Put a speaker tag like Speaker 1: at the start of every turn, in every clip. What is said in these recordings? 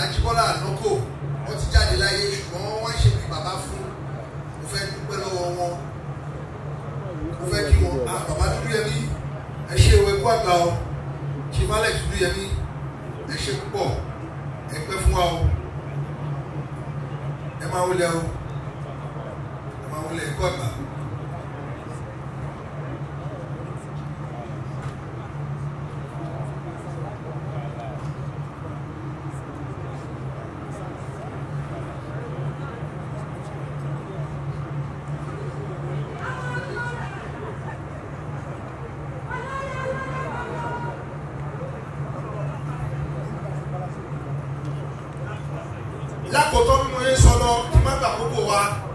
Speaker 1: Ajíbọ́lá Ànókò wọ́n ti jáde láyé ṣùgbọ́n wọ́n ṣe bí bàbá fún mo fẹ́ dúpẹ́ lọ́wọ́ wọn mo fẹ́ kí wọn a ah, bàbá dúdú yẹmí ẹ ṣe ìwé kú àgbà o ṣe má lẹ́yìn dúdú yẹmí ẹ ṣe púpọ̀ ẹ pẹ́ fún wa o ẹ máa wọlé o ẹ máa wọlé ẹ̀kọ́ àgbà. I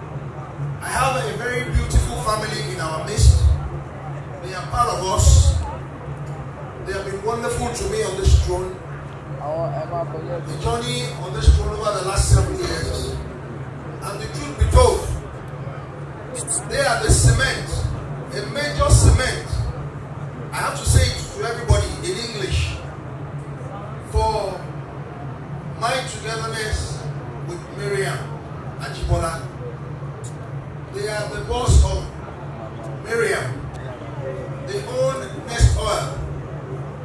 Speaker 1: have a very beautiful family in our midst they are part of us they have been wonderful to me on this throne the journey on this throne over the last seven years and the truth be told they are the cement a major cement I have to say it to everybody in English for my togetherness They are the boss of Miriam. They own Nest Oil,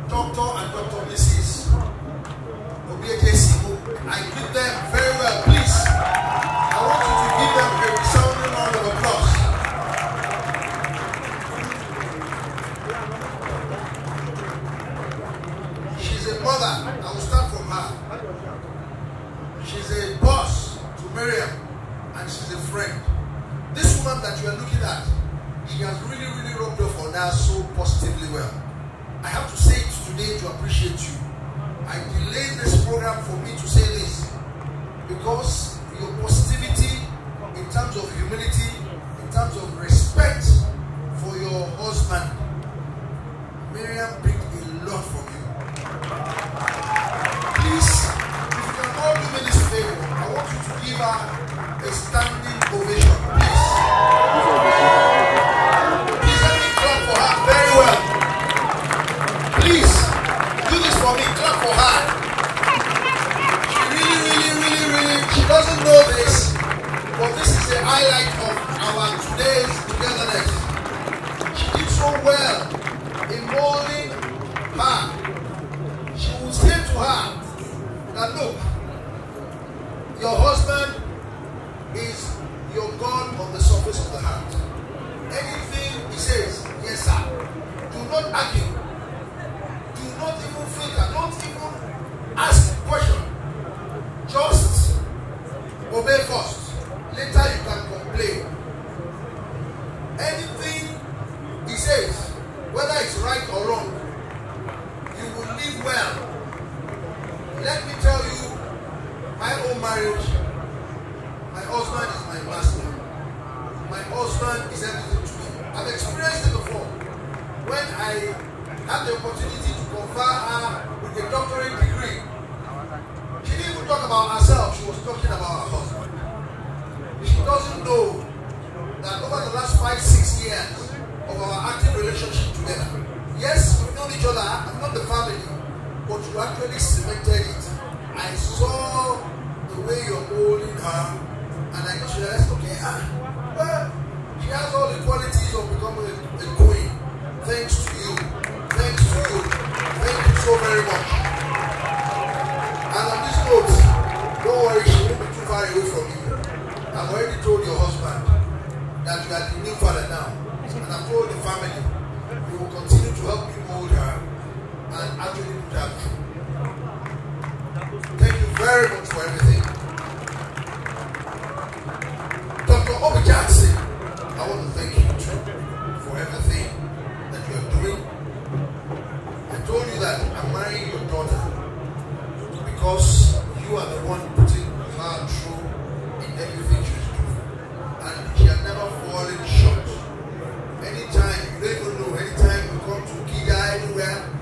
Speaker 1: Doctor and Doctor Mrs. Obieke I greet them very well, please. I want you to give them a resounding round of applause. She's a mother. I will start from her. She's a boss to Miriam, and she's a friend that you are looking at, he has really, really rubbed off on us so positively well. I have to say it today to appreciate you. I delayed this program for me to say this because your positivity in terms of humility, in terms of respect for your husband, Miriam picked a lot from you. Please, if you can all do me this favor, I want you to give her a she doesn't know this, but this is the highlight of our today's togetherness. She did so well in molding her. She will say to her that, look, your husband well. Let me tell you, my own marriage, my husband is my master. My husband is everything to me. I've experienced it before. When I had the opportunity to confer her with a doctorate degree, she didn't even talk about herself, she was talking about her husband. She doesn't know that over the last five, six years of our active relationship together, yes, we've known each other, i am not the family, but you actually cemented it. I saw the way you're holding her, and I just okay, ah, well, she has all the qualities of becoming a, a queen. Thanks to you. Thanks to you. Thank you so very much. And on this note, don't worry, she won't be too far away from you. I've already told your husband that you are the new father now. And I've told the family, you will continue to help me mold her. one putting man through in everything she's doing. And she had never fallen short. Anytime, you don't even know, anytime you come to Kida anywhere,